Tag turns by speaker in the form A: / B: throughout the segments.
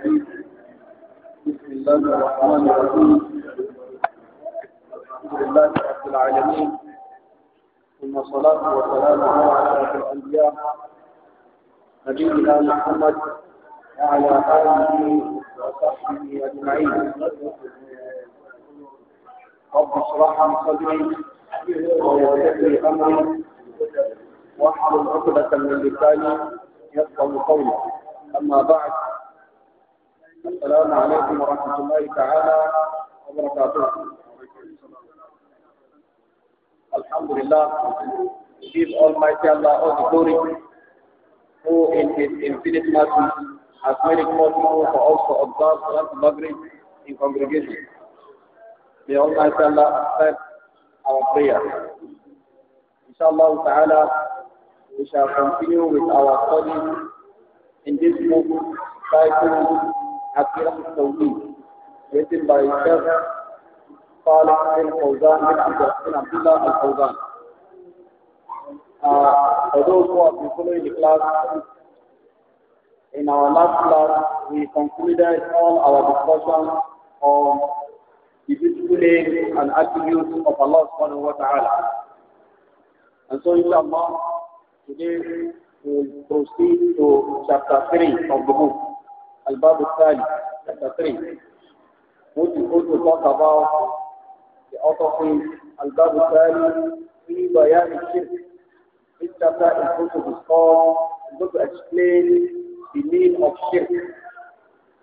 A: بسم الله الرحمن الرحيم الحمد لله رب العالمين ثم صلاة وسلامه على أشرف الأنبياء نبينا محمد وعلى آله وصحبه أجمعين رب اشرح لي صدري ويسر لي أمري واحلل عقدة من لساني يفهم قولي أما بعد السلام عليكم ورحمة الله تعالى وبركاته Alhamdulillah, give Almighty Allah all the glory, who in His infinite mercy has made it possible for us to observe Salat Maghrib in congregation. May Almighty Allah accept our prayer. Inshallah ta'ala, we shall continue with our study in this book titled عقيدة التوحيد written by Sheikh Saleh bin Fawzan bin Abdullah Al Fawzan.
B: Uh,
A: for those who have following the class, in our last class we concluded all our discussion on the beautiful names and attributes of Allah subhanahu wa ta'ala. And so inshallah, today we will proceed to chapter 3 of the book. Al-Babu Sali, chapter 3, which is going to talk about the author says, Al-Babu Sali, Fi Bayan Shirk. This chapter is going to discuss, is going to explain the meaning of shirk,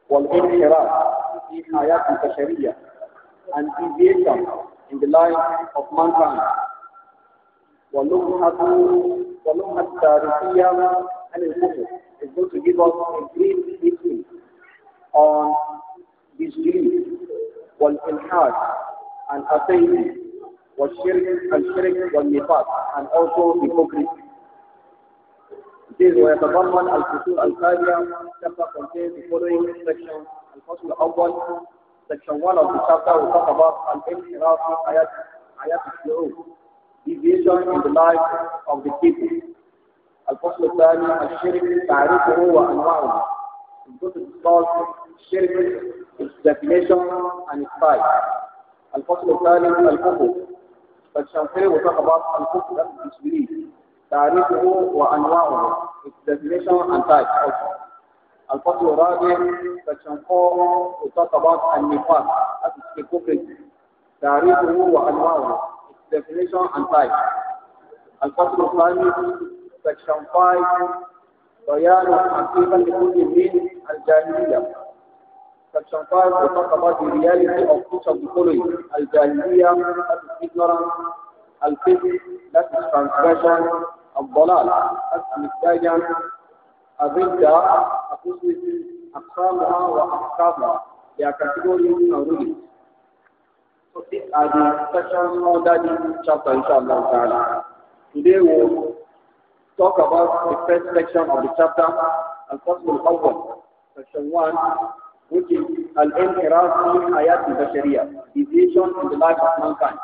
A: wal-inhiraf, in ayat al-Kashariyah, and deviation in the life of mankind. ولمحة ولمحة تاريخية عن الكفر is going to give us a great history ilhad and atheism, was shirk and shirk was nifaq, and also hypocrisy. This ويتضمن الفصول الثانية chapter contains the following sections الفصل الأول section 1 of the chapter will talk about الانحراف في حياة حياة الشعوب deviation in the life of the people الفصل الثاني الشرك تعريفه وأنواعه It's going to discuss sharing its definition and الفصل الثالث الكفر section 3 about الكفر that is تعريفه وأنواعه its definition and type الفصل الرابع section 4 about النفاق that is تعريفه وأنواعه its definition and type الفصل الخامس section 5 بيان حقيقة لكل من الجاهلية sometimes we talk about the reality of of the following. and So these are the chapter, inshallah ta'ala. Today we will talk about the first section of the chapter, Al-Qasm al section 1, which is al-inhiraf fi hayat al-bashariya, deviation in the life of mankind.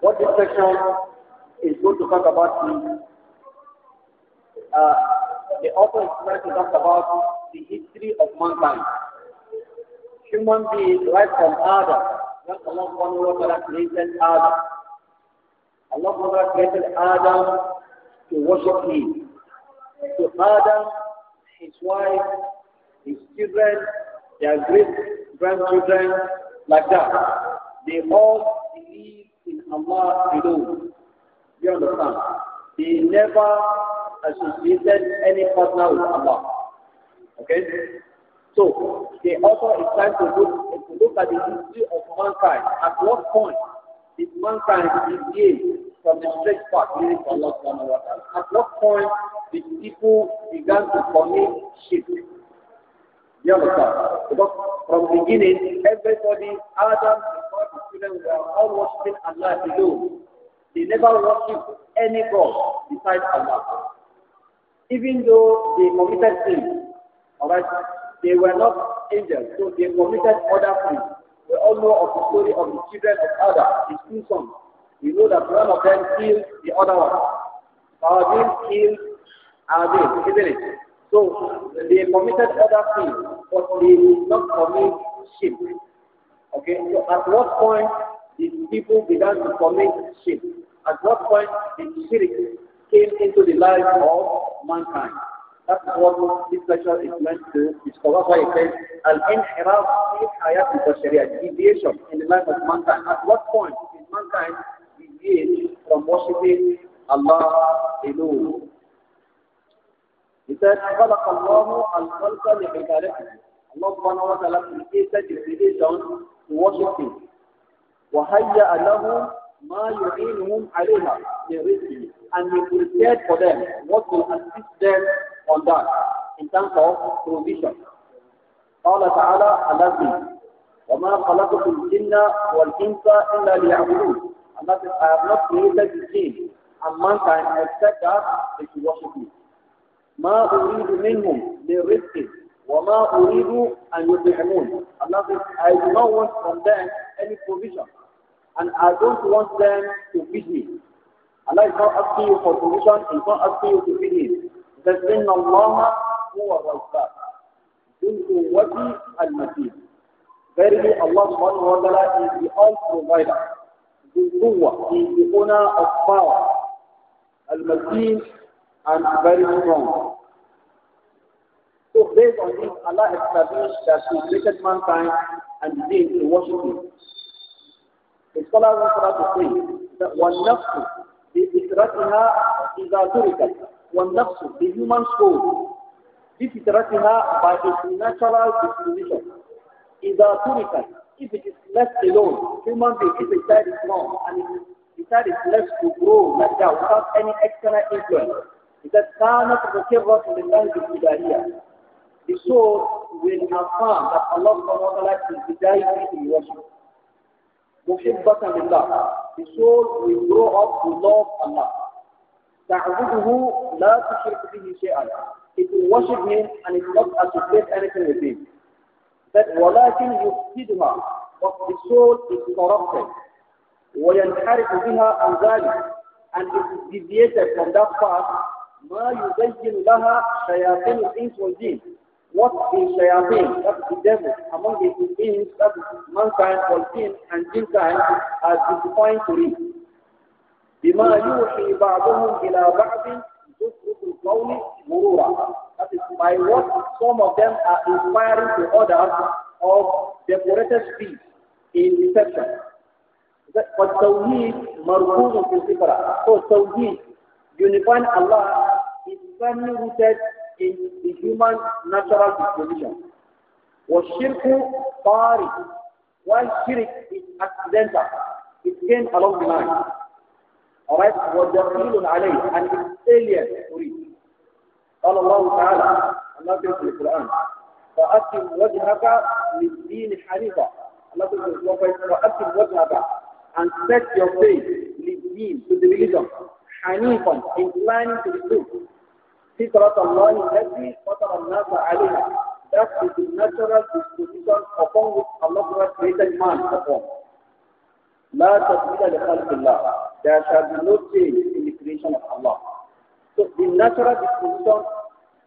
A: What this section is going to talk about is uh, the author is going to talk about the history of mankind. Human beings right from Adam, when Allah subhanahu wa ta'ala created Adam. Allah subhanahu wa ta'ala created Adam to worship him. To Adam, his wife, his children, their great grandchildren, like that. They all believe in Allah alone. You understand? They never associated any partner with Allah. Okay? So, the author is trying to look, to look at the history of mankind. At what point did mankind deviate from the straight path leading to Allah At what point did people begin to commit shirk? You understand? Because from the beginning, everybody, Adam, before the children were all worshiping Allah alone. They never worshiped any God besides Allah. Even though they committed sin, alright, they were not angels, so they committed other sins. We all know of the story of the children of Adam, the two sons. We know that one of them killed the other one. Babil killed Abel, isn't it? So they committed other things, but they did not commit shirk. Okay, so at what point did people began to commit shirk? At what point did shirk came into the life of mankind? That's what this lecture is meant to discover. why it says, Al-inhiraf fi hayat al-bashariyah, deviation in the life of mankind. At what point did mankind deviate from worshipping Allah alone? He said, خَلَقَ اللَّهُ الْخَلْقَ لِعِبَادَتِهِ Allah subhanahu wa ta'ala created the creation to worship Him. وَهَيَّأَ لَهُمْ مَا يُعِينُهُمْ عَلَيْهَا مِنْ رِزْقِهِ And He prepared for them what will assist them on that in terms of provision. قال تعالى الذي وما خلقت الجن والإنس إلا ليعبدون. Allah says, I have not created the jinn and mankind except that they should worship me. ما أريد منهم من رزق وما أريد أن يطعمون Allah says I do not want from them any provision and I don't want them to feed me Allah is not asking you for provision He's not asking you to feed him He says إن الله هو الرزاق ذو القوة المتين Verily Allah subhanahu wa ta'ala is the all provider ذو القوة He is the owner of power المتين and very strong. So based on this, Allah established that He created mankind and deen to worship Him. The scholars of Salah say that one nafs, the itratiha is authoritative. One nafs, the human soul, this itratiha by its natural disposition is authoritative. If it is left alone, human being, if it is wrong and it is decides left to grow like that without any external influence, that كانت مكرة لله بالهداية. The soul will affirm that Allah subhanahu wa ta'ala is guiding in worship. محبة لله. The soul will grow up to love Allah. تعبده لا تشرك به شيئا. It will worship Him and it not associate anything with Him. That ولكن يفسدها. But the soul is corrupted. وينحرف بها عن ذلك and it is deviated from that path ما يبين لها شياطين الإنس والجن what is shayateen, that is the devil, among the beings that mankind, والجن and jinkind are defined to live. بما يوحي بعضهم إلى بعض زخرف القول مرورا. That is by what some of them are inspiring to others of decorated speech in deception. فالتوحيد مركوز في الفكرة. So توحيد unifying Allah firmly rooted in the human natural disposition. shirku طَارِقٌ While shirk is accidental, it came along the line. Alright, وَجَرْمِلٌ عَلَيْهِ And it's failure to it. قال الله تعالى الله في القرآن فأقم وجهك للدين حنيفا الله في القرآن فأقم وجهك and set your face للدين to the religion حنيفا inclining to the truth فطرة الله التي فطر الناس عليها. That is the natural disposition upon which Allah created man upon. لا تبديل لخلق الله. There shall be no change in the creation of Allah. So the natural disposition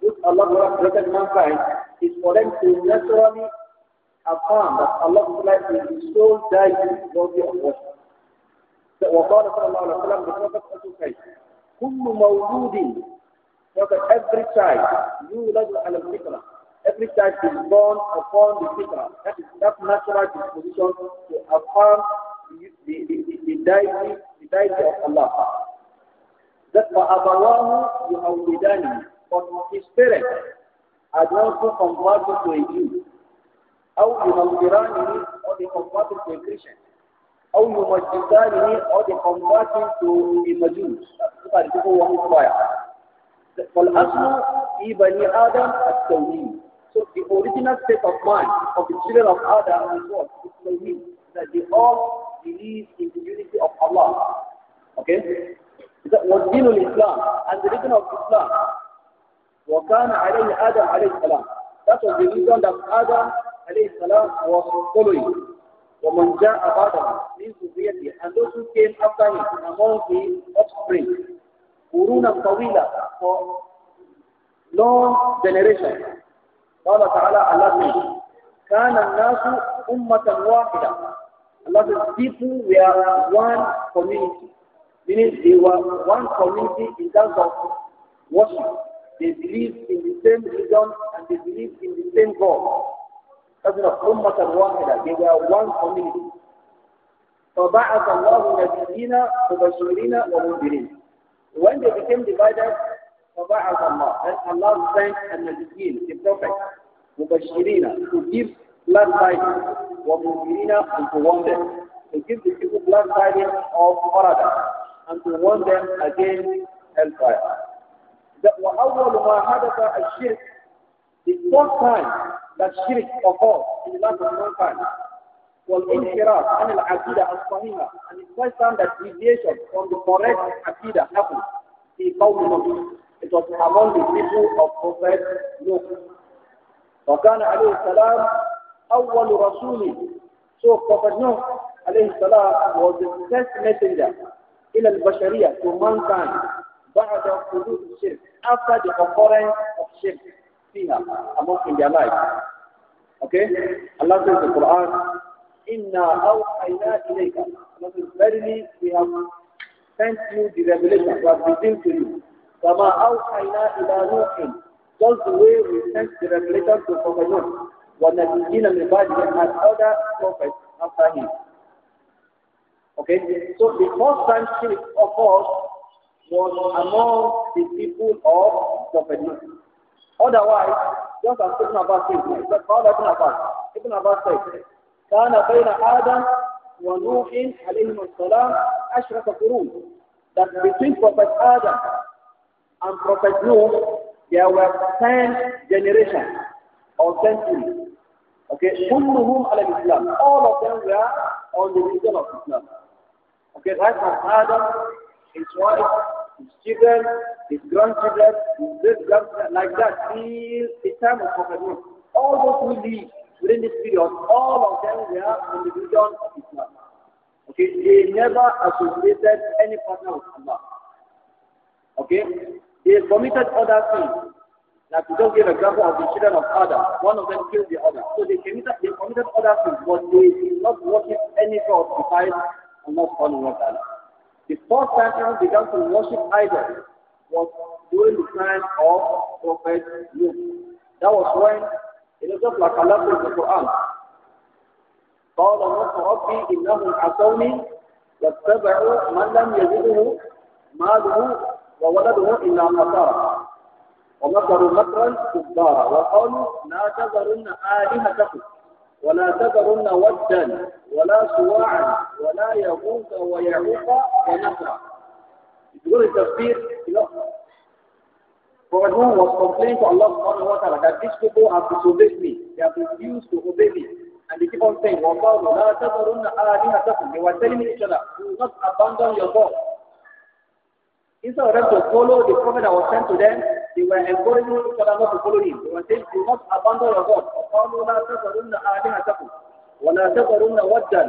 A: which Allah created mankind is for them to naturally affirm that Allah is the sole deity worthy of worship. So, وقال صلى الله عليه وسلم the Prophet كل مولود so that every child, you ala fitra. Every child is born upon the fitra. That is that natural disposition to affirm the, the, the, the, deity, the deity of Allah. That for Abawahu, you have bidani, but his parents are also who converted to a Jew. أو ينصرانه or they converted to a Christian. أو يمجسانه or they converted to a Majus. These are the people who are fire. So the original state of mind of the children of Adam is what? It's Tawheed. That they all believe in the unity of Allah. Okay? That was Dinul Islam and the religion of Islam. وَكَانَ عَلَيْهِ آدَمْ عَلَيْهِ السَّلَامُ That was the reason that Adam عليه السلام was following. وَمَنْ جَاءَ بَعْدَهُ the ذُرِّيَّتِهِ And those who came after him among the offspring. قرونا طويلة long generation قال تعالى الله says كان الناس أمة واحدة Allah says people were one community meaning they were one community in terms of worship they believed in the same religion and they believed in the same God that's not أمة واحدة they were one community فبعث الله نبيين مبشرين ومنذرين when they became divided, فَبَعَثَ اللَّهُ Then Allah sent an Nabiyyin, the Prophet, Mubashirina, to give glad tidings, وَمُنْكِرِينَ and to warn them, to give the people glad tidings of paradise, and to warn them against hellfire. That وَأَوَّلُ مَا al الشِّرْكُ The first time that shirk occurred in the life of mankind, والانحراف عن العقيدة الصحيحة and it's quite time that deviation from the correct عقيدة happened في قوم نوح it was among the people of Prophet Nuh وكان عليه السلام أول رسول so Prophet Nuh عليه السلام was the first messenger إلى البشرية to mankind بعد حدوث الشرك after the occurrence of shirk فيها among in their life okay Allah says in the Quran Inna awhayna ilayka. Verily, we have sent you the revelation we have revealed to you. Kama awhayna ila Nuhin. Just the way we sent the revelation to Prophet Nuh. وَنَبِيِّنَ مِنْ بَعْدِهِ and other prophets after him. Okay, so the first time of occurred was among the people of Prophet Nuh. Otherwise, just as Ibn Abbas said, Ibn Abbas said, كان بين آدم ونوح عليهم السلام عشرة قرون that between Prophet Adam and Prophet Noah there were ten generations or centuries okay كلهم على الإسلام all of them were on the religion of Islam okay right from Adam his wife his children his grandchildren his great grandchildren like that till the time of Prophet Noah all those who lived During this period, all of them were in the region of Islam. Okay, they never associated any partner with Allah. Okay, they committed other sins. Like we just gave example of the children of Adam. One of them killed the other. So they committed, they committed other sins, but they did not worship any god besides Allah not wa ta'ala. The first time began to worship idols was during the time of Prophet Luke. That was when إذا تطلق على في القرآن قال نص ربي إنهم عصوني واتبعوا من لم يزده ماله وولده إلا مكرا
B: ومكروا مكرا كبارا وقالوا
A: لا تذرن آلهتكم ولا تذرن ودا ولا سواعا ولا يغوث ويعوق ونسرا يقول التفسير For Muhammad was complaining to Allah subhanahu wa ta'ala that these people have disobeyed me. They have refused to obey me. And they keep on saying, وَاللَّهُ لَا تَذَرُنَّ آلِهَتَكُمْ They were telling each other, do not abandon your God. Instead of them to follow the Prophet that was sent to them, they were encouraging each other not to follow him. They were saying, do not abandon your God. وَقَالُوا تَذَرُنَّ آلِهَتَكُمْ وَلَا تَذَرُنَّ وَدًّا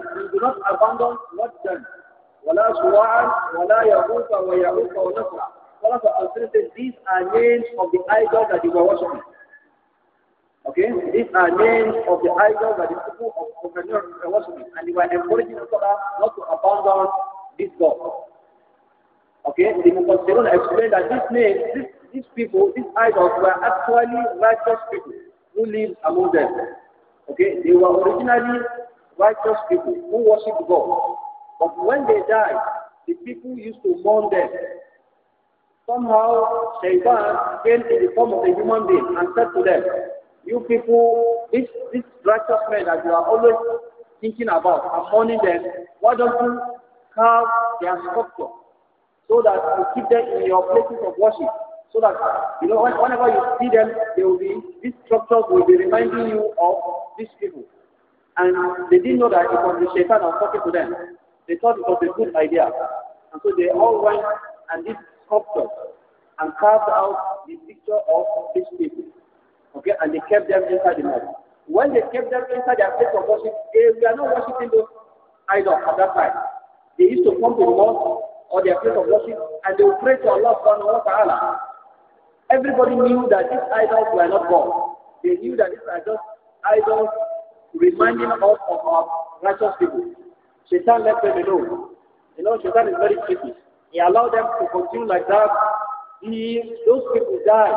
A: وَلَا سُوَاعًا وَلَا يَغُوثَ وَيَعُوثَ وَنَصْرًا these are names of the idols that they were worshipping. Okay? These are names of the idols that the people of Companion were worshipping. And they were encouraging each other not to abandon this God. Okay? The Mufassirun explained that these names, these people, these idols were actually righteous people who lived among them. Okay? They were originally righteous people who worshipped God. But when they died, the people used to mourn them somehow shaitan came in the form of a human being and said to them, you people, this, this righteous man that you are always thinking about and mourning them, why don't you carve their sculpture so that you keep them in your places of worship? So that, you know, whenever you see them, they will be, these structures will be reminding you of these people. And they didn't know that it was the shaitan that was talking to them. They thought it was a good idea. And so they all went and did sculptors and carved out the picture of these people. Okay, and they kept them inside the mosque. When they kept them inside their place of worship, they eh, were not worshiping those idols at that time. They used to come to the mosque or their place of worship and they would pray to Allah subhanahu wa ta'ala. Everybody knew that these idols were not God. They knew that these idols, idols reminding us of our righteous people. Shaitan left them alone. You know, Shaitan is very tricky. He allowed them to continue like that. He, those people died.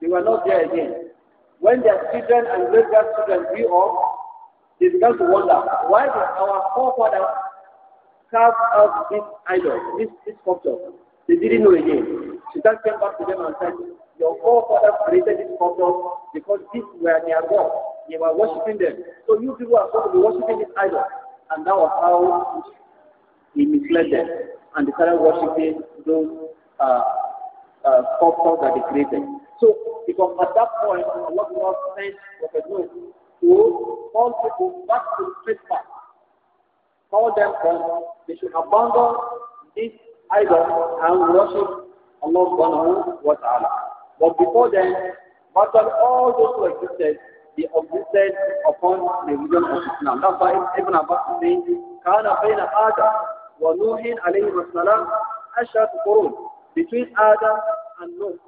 A: They were not there again. When their children and great grandchildren grew up, they began to wonder why did our forefathers carve out this idol, this, this sculpture? They didn't know again. Satan came back to them and said, Your forefathers created this sculpture because these were their gods. They were worshipping them. So you people are supposed to be worshipping this idol. And that was how he misled them and they started worshipping those uh, uh, sculptures that they created. So, because at that point, Allah was sent Prophet Noah to call people back to trespass, call them that they should abandon this idol and worship Allah subhanahu wa ta'ala. But before then, virtually all those who existed, they existed upon the religion of Islam. That's why even about is saying, كان بين وَنُوحٍ عَلَيْهِ السَّلَامُ أَشْهَدُ قُرُونٍ Between Adam and Noah,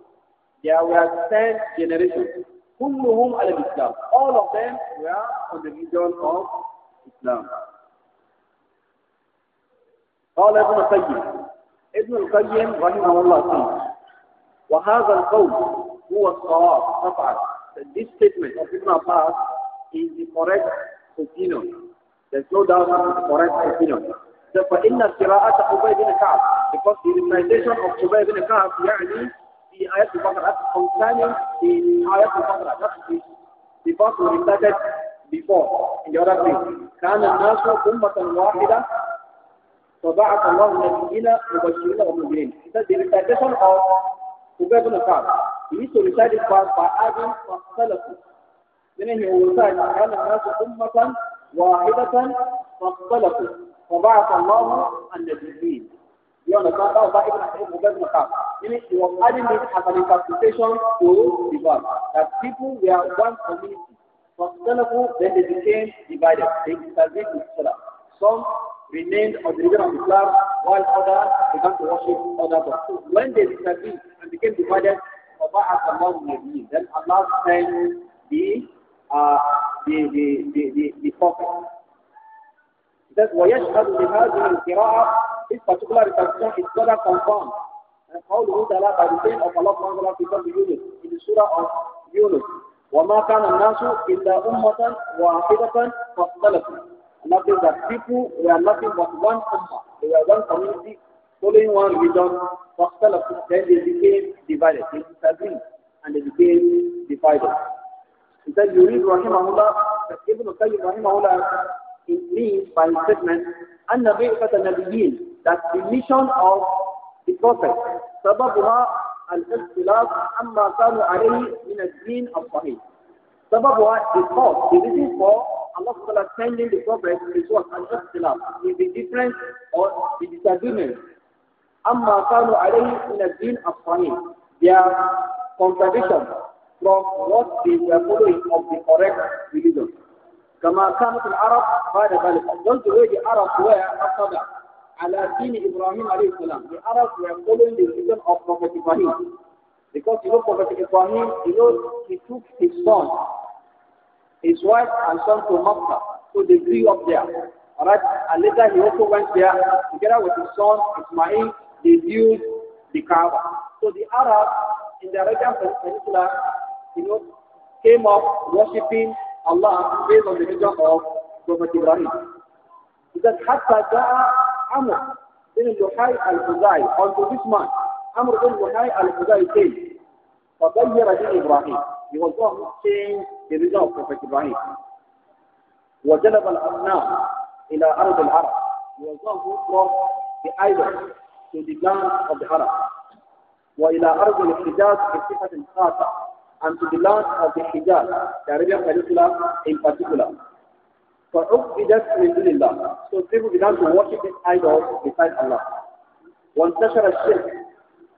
A: there were ten generations. كلهم على الإسلام. All of them were on the religion of Islam. قال ابن القيم ابن القيم رحمه الله تعالى وهذا القول هو الصواب قطعا this statement of Ibn Abbas is the correct opinion there's no doubt it's the correct opinion فإن قراءة قبي بن كعب the personification of قبي بن كعب يعني في آية البقرة أو ثاني في آية البقرة نفسي the person recited كان الناس أمة واحدة فبعث الله نبيين مبشرين ومنذرين the recitation of
B: قبي بن كعب he is to recite it
A: فاختلفوا meaning he كان الناس أمة واحدة فاختلفوا وبعث الله النبيين you understand that was why Ibn Ibn Kaf meaning he was adding this as an interpretation to the verse that people were one community from Telugu then they became divided they intervened with each other some remained on the religion of Islam while others began to worship other gods so when they disagreed and became divided Allah وبعث الله النبيين then Allah sent the uh, the the the the, the prophet that وَيَشْهَدُ لِهَذِهِ الْقِرَاءَ This particular recitation is further confirmed. And how do we tell by the saying of Allah subhanahu wa ta'ala because Yunus in the surah of Yunus. وَمَا كَانَ النَّاسُ إِلَّا أُمَّةً وَاحِدَةً فَاخْتَلَفُوا Nothing that people were nothing but one ummah. They were one community following one religion. فَاخْتَلَفُوا Then they became divided. They disagreed and they became divided. He said, you read Rahimahullah, Ibn Qayyim Rahimahullah it means by statement, أن بعثة that the mission of the Prophet, سببها الاختلاف عما كانوا عليه من الدين الصحيح. سببها is cause, the reason for Allah Ta'ala sending the Prophet is what? Al-Ikhtilaf, is the difference or the disagreement. أما in a من of الصحيح. Their contradiction from what they were following of the correct religion. كما كانت العرب بعد ذلك those the way the Arabs were after that على دين إبراهيم عليه السلام the Arabs were following the religion of Prophet Ibrahim because you know Prophet Ibrahim you know he took his son his wife and son to Makkah so they grew up there alright and later he also went there together with his son Ismail they built the Kaaba so the Arabs in the Arabian Peninsula you know came up worshipping الله أيضا بحجة قومة إبراهيم إذا حتى جاء عمرو بن لحي الخزاعي أو this man بن لحي الخزاعي came فغير دين إبراهيم he was going to change the religion of Prophet Ibrahim وجلب الأبناء إلى أرض العرب يوضعه was في to في the او to the land of the Arab وإلى أرض الحجاز بصفة خاصة and to the land of the Hijaz, the Arabian Peninsula in particular. For Uqbidat min dunillah, so people began to worship these idols beside Allah. One such a وانتشر الشرك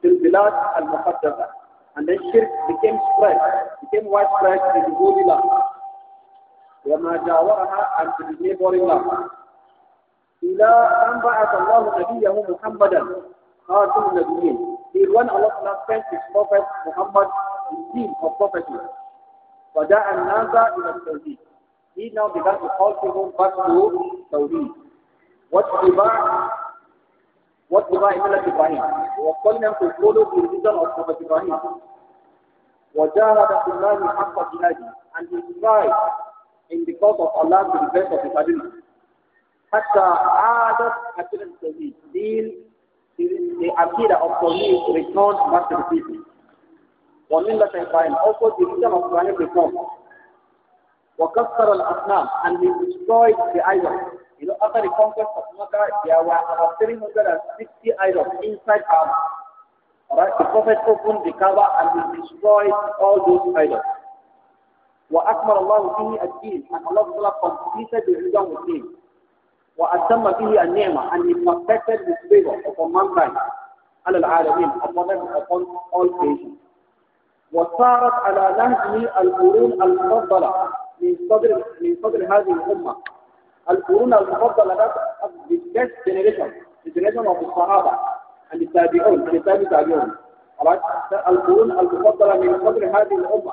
A: في البلاد المقدسة and then shirk became spread, became widespread in the holy land. وما جاورها and to the neighboring land. إلى أن بعث الله نبيه محمدا خاتم النبيين. Till when Allah sent his prophet Muhammad the seal of prophecy. another النَّاسَ إِلَى التَّوْحِيدِ He now began to call people back to Tawheed. What Iba, what Iba Imam Ibrahim was calling them to follow the religion of Prophet Ibrahim. وَجَاهَدَ فِي اللَّهِ حَقَّ جِهَادِهِ And he tried in the cause of Allah to the best of his ability. حتى عادت أكل التوحيد. Till the Aqidah of Tawheed returned back to the people. وملة Ibrahim. Also the religion of Ibrahim reformed. وكسر الأصنام and he destroyed the idols. You know, after the conquest of Mecca, there were about 360 idols inside Kaaba. Alright, the Prophet opened the cover and he destroyed all those idols. وأكمل الله به الدين and Allah Ta'ala completed the religion with him. وأتم به النعمة and he perfected his favor upon mankind على العالمين upon, upon all creation. وصارت على نهجه القرون المفضلة من صدر من صدر هذه الأمة القرون المفضلة that of the best generation the generation of the Sahaba and the Tabi'un and the Tabi Tabi'un alright القرون المفضلة من صدر هذه الأمة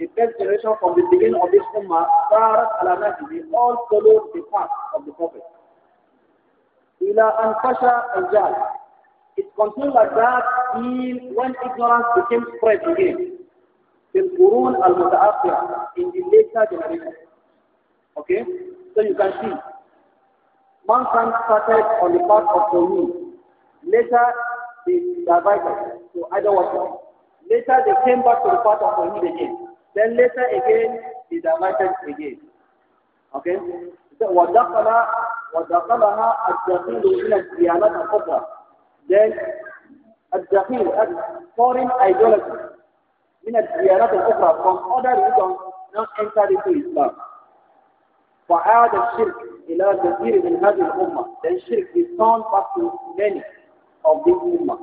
A: the best generation from the beginning of this Ummah صارت على نهجه all followed the path of the Prophet إلى أن فشى الجهل It continued like that till when ignorance became spread again. في القرون المتأخرة in the later generation. Okay? So you can see, mankind started on the part of the moon. Later, they divided to idol worship. Later, they came back to the part of the moon again. Then later again, they divided again. Okay? So, وَدَخَلَ وَدَخَلَهَا الدَّخِيلُ مِنَ الدِّيَانَةِ الْخُبْرَى Then, الدَّخِيل, foreign idolatry. من الديانات الأخرى from other religions not enter into Islam. فعاد الشرك إلى كثير من هذه الأمة. Then shirk is found back to many of this ummah.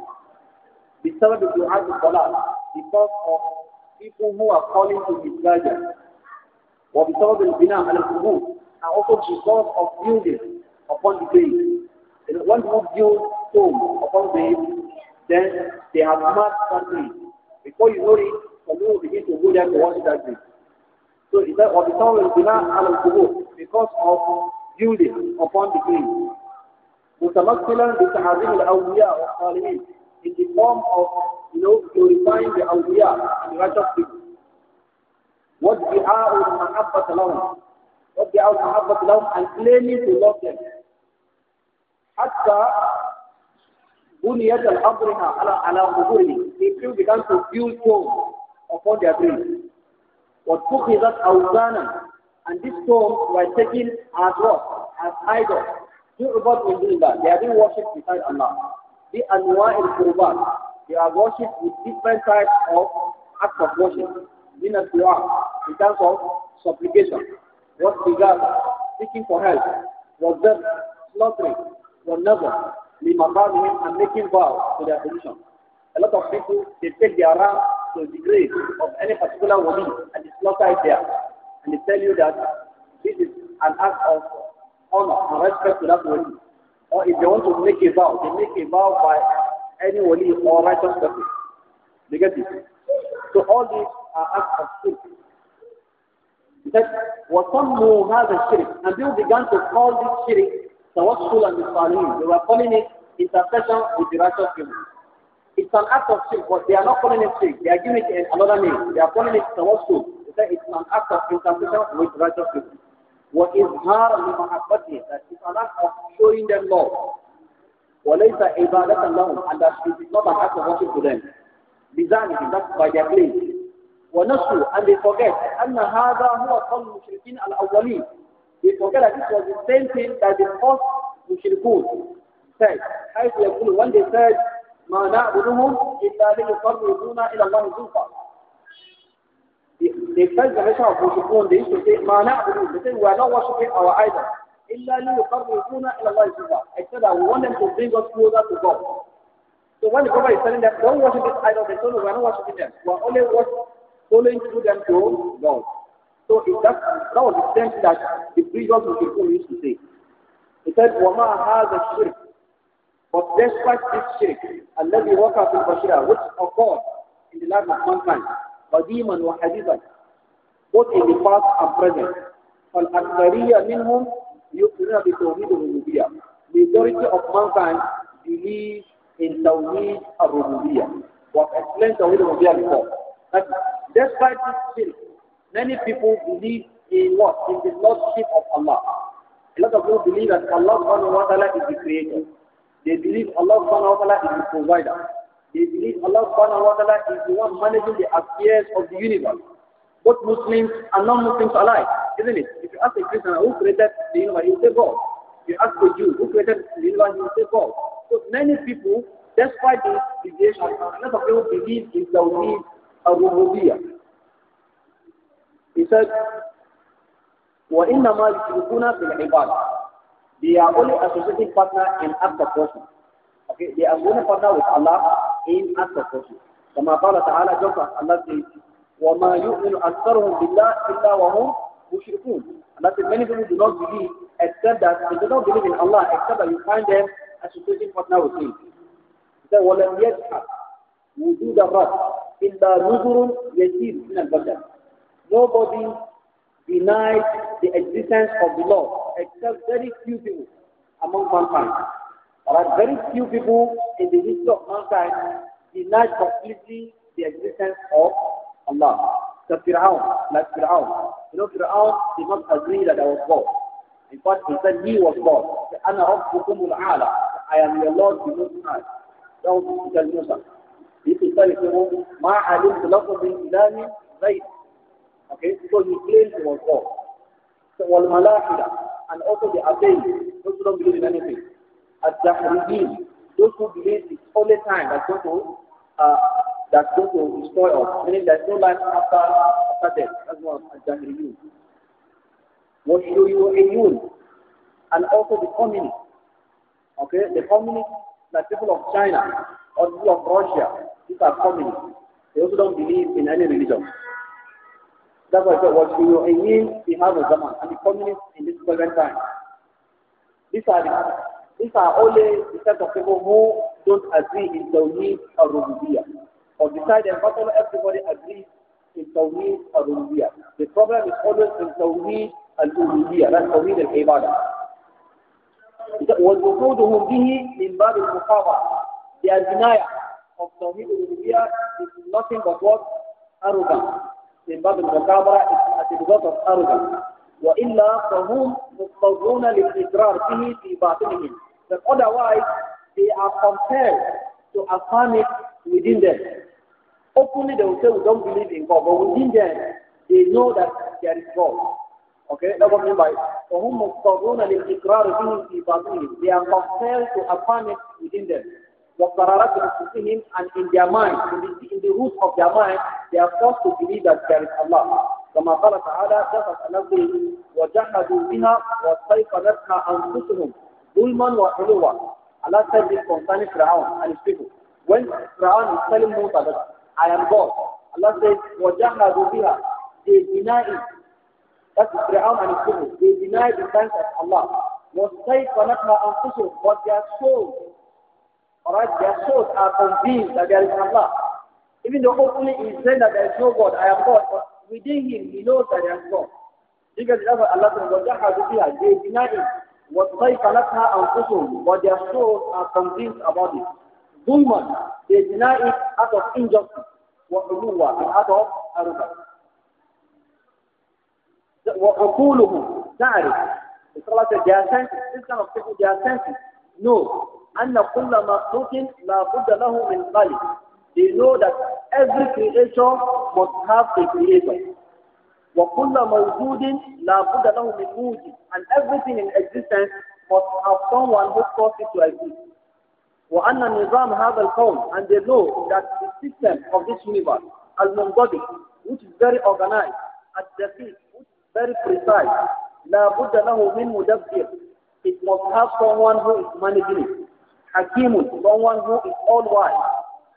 A: بسبب دعاء الضلال because of people who are calling to misguidance. وبسبب البناء على القبور and also because of building upon the grave. And one who build stone upon the grave, then they have marked that grave. Before you know it, so people begin to go there to watch that day. So it says, وَبِسَوْمِ الْبِنَاءَ عَلَى الْقُبُورِ Because of building upon the grave. متمثلا in the form of you know glorifying the awliya and the righteous people. وَادْبِعَاءُ What لَهُمْ وَادْبِعَاءُ الْمَحَبَّةَ لَهُمْ and claiming to love them. حتى بنيت الأمرها على على قبورهم. People began to build homes upon their dreams. وَاتُّخِذَتْ أَوْزَانًا And these stones were taken as what? As idols. يُعْبَدْ مِنْ doing that? They are being worshipped beside Allah. The anwa al-qurbat. They are worshipped with different types of acts of worship. In a in terms of supplication. What began? Seeking for help. Was them slaughtering. Was never. Limakamihim and making vows to their position. A lot of people, they take their ram to the grave of any particular woman and it's not right there, and they tell you that this is an act of honor and respect to that woman. or if they want to make a vow, they make a vow by any wali or righteous person. They get it? So all these are acts of shirk. He said, have a الشِّرِكْ And they began to call this shirk tawassul and the They were calling it intercession with the righteous people. It's an act of sin, but they are not calling it sin. They are giving it another name. They are calling it tawassul. They say it's an act of interpretation with righteous people. What is har limahabbati? it is an act of showing them love. وَلَيْسَ عِبَادَةً لَهُمْ And that it is not an act of worship to them. بِزَانِهِ That's by their claim. ونسوا and they forget أن هذا هو قول المشركين الأولين they forget that this was the same thing that the first mushrikun said حيث يقول when they said ما نعبدهم إلا ليقربونا إلى الله زلفى They felt the measure of worshipun, they used to ما نعبدهم, they said, we are not worshipping our idols. إلا ليقربونا إلى الله زلفى Except that we want them to bring us closer to God. So when the Prophet is telling them, don't worship this idol, they told them, we are not worshiping them. We are only following through them to God. So it, that, that was the sense that the previous Muslims used to say. He said, وَمَا هَذَا الشِّرْكُ but despite this shirk, الذي وقع في البشرة, which occurred in the life of mankind, قديما وحديثا, both in the past and present, فالأكثرية منهم يؤمنون بتوحيد الربوبية. Majority of mankind believe in توحيد الربوبية. We have explained توحيد الربوبية before. But despite this shirk, many people believe in what? In the lordship of Allah. A lot of people believe that Allah subhanahu wa ta'ala is the creator. They believe Allah subhanahu wa ta'ala is the provider. They believe Allah subhanahu wa ta'ala is the one managing the affairs of the universe. Both Muslims and non-Muslims alike, isn't it? If you ask a Christian who created the universe, he will say God. If you ask a Jew who created the universe, he will say God. So many people, despite this deviation, a lot of people believe in the Tawheed al-Rububiyyah. He said, وإنما يشركون في العبادة they are only associating partner in act of Okay, they are only partner with Allah in act of worship. كما قال تعالى جوكا الله وما يؤمن أكثرهم بالله إلا وهم مشركون. Allah many people do not believe except that they do not believe in Allah except that you find them associating partner with Him. He said, ولم يجحد وجود الرب إلا نذر يسير من البشر. Nobody denied the existence of the Lord except very few people among mankind. There are very few people in the history of mankind deny completely the existence of Allah. So Fir'aun, like Fir'aun. You know, Fir'aun did not agree that I was God. In fact, he said he was God. I am your Lord, the Most High. That was to tell Musa. He said, مَا عَلِمْتُ the مِنْ إِلَهٍ Okay, so he claimed he was God. So, وَالْمَلَائِكَةُ and also the atheists, those who don't believe in anything. At Jahridin, those who believe it's only time that's going to uh, that's going to destroy us, meaning there's no life after after death. That's what at you, Washuyuhiyun, and also the communists. Okay, the communists, the people of China or people of Russia, these are communists. They also don't believe in any religion. That's why I said, what we a mean, we have a Zaman, and the communists in this present time. These are, the, these are only the set of people who don't agree in Tawheed or Rububiyah. Or decide that not everybody agrees in Tawheed or Rububiyah. The problem is always in Tawheed and Rububiyah, that's Tawheed and Ibadah. وجحودهم به من باب المقاومة their denial of Tawhid al-Rububiyyah is nothing but what? Arrogance. من باب المكابرة اسم التلبات الأرض وإلا فهم مضطرون للإقرار به في باطنهم but otherwise they are compelled to affirm it within them openly they will say we don't believe in God but within them they know that there is God okay that's what I mean by فهم مضطرون للإقرار به في باطنهم they are compelled to affirm it within them وقرارات أنفسهم and in their mind, in the, in the root of their mind, they are forced to believe that there is Allah. كما قال تعالى جفت نفسه وجحدوا بها واستيقنتها أنفسهم ظلما وعلوا Allah said this concerning and his people. When Fir'aun is telling Musa that I am God, Allah says وجحدوا بها they deny it. That's Fir'aun and his people. They deny the thanks of Allah. واستيقنتها أنفسهم but their souls Alright, their souls are convinced that there is Allah. Even though openly he said that there is no God, I am God, but within him he knows that there is God. Because that's what Allah says, They deny it. وَطَيْفَلَتْهَا أَنْفُسُهُمْ But their souls are convinced about it. Zulman, they deny it out of injustice. وَعُلُوَّةً and out of arrogance. وَعُقُولُهُمْ تعرف. The Salah said, they are senses. This kind of people, they are senses know أن كل مخلوق لا بد له من خالق. They know that every creature must have a creator. وكل موجود لا بد له من موجد. And everything in existence must have someone who caused it to exist. وأن نظام هذا الكون and they know that the system of this universe المنضبط which is very organized الدقيق which is very precise لا بد له من مدبر it must have someone who is managing it. Hakimun, someone who is all-wise.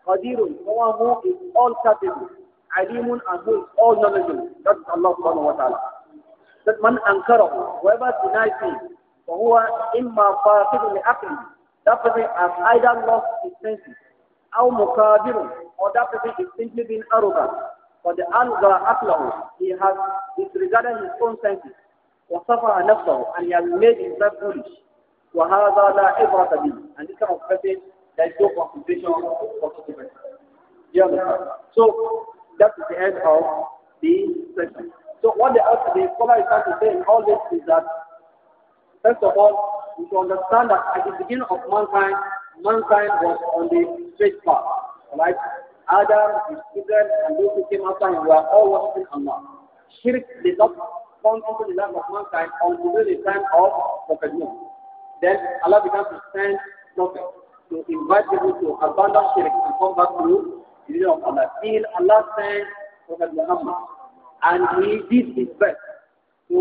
A: Qadirun, someone who is all-capable. Alimun, and who is all-knowledgeable. That's Allah subhanahu wa ta'ala. That man ankarahu, whoever denies him, فهو إما فاقد لعقله. That person has either lost his senses, or that person is simply being arrogant. For the alga aqlahu, he has disregarded his own senses. وصفى نفسه and he has made himself foolish وهذا لا عبرة به and this kind of person there is no consideration so that is the end of the section so what the, the scholar is trying to say in all this is that first of all we should understand that at the beginning of mankind mankind was on the straight path right Adam, his children, and those who came after him were all worshipping Allah. Shirk did not fall into the lap of mankind until the time of Muqaddimah. Then Allah began to send prophets to invite people to abandon shirk and come back to the religion of Allah. Till Allah sent Prophet Muhammad and he did his best to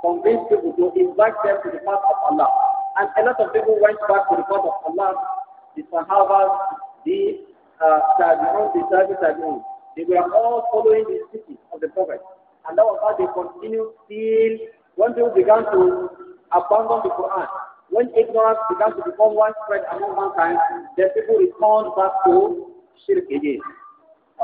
A: convince people to invite them to the path of Allah. And a lot of people went back to the path of Allah, the Sahabas, the uh, Tabi'un, the Tabi'un. They were all following the teachings of the Prophet. And that was how they continued till when people began to abandon the Quran. When ignorance began to become widespread among mankind, then people returned back to shirk again.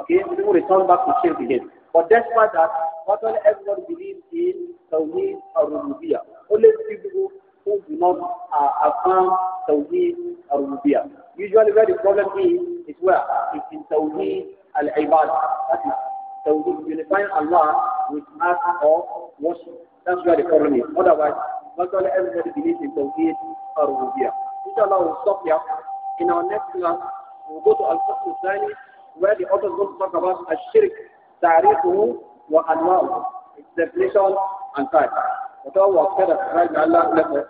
A: Okay, people returned back to shirk again. But despite that, not only everyone believes in Tawheed or Only people who do not uh, affirm Tawheed or Rububiya. Usually where the problem is, is where? It's in Tawheed al-Ibad. That is they unifying Allah with us or worship. That's where the problem is. Otherwise, virtually everybody believes in Tawheed or Rubiyah. Inshallah, we'll stop here. In our next class, we'll go to Al-Fasl Zaini, where the author is going to talk about Ash-Shirk, Ta'rifuhu wa Anwa'u, its definition and type. Whatever was said at right, may Allah bless us.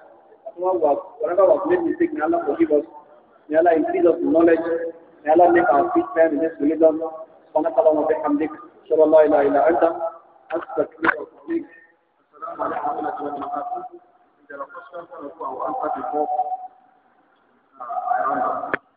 A: Whatever was, whatever made mistake, Allah forgive us. May Allah increase us in knowledge. May Allah make our feet firm in this religion. سبحانك اللهم وبحمدك أشهد أن لا إله إلا أنت أستغفرك وأتوب السلام عليكم ورحمة الله وبركاته. There are questions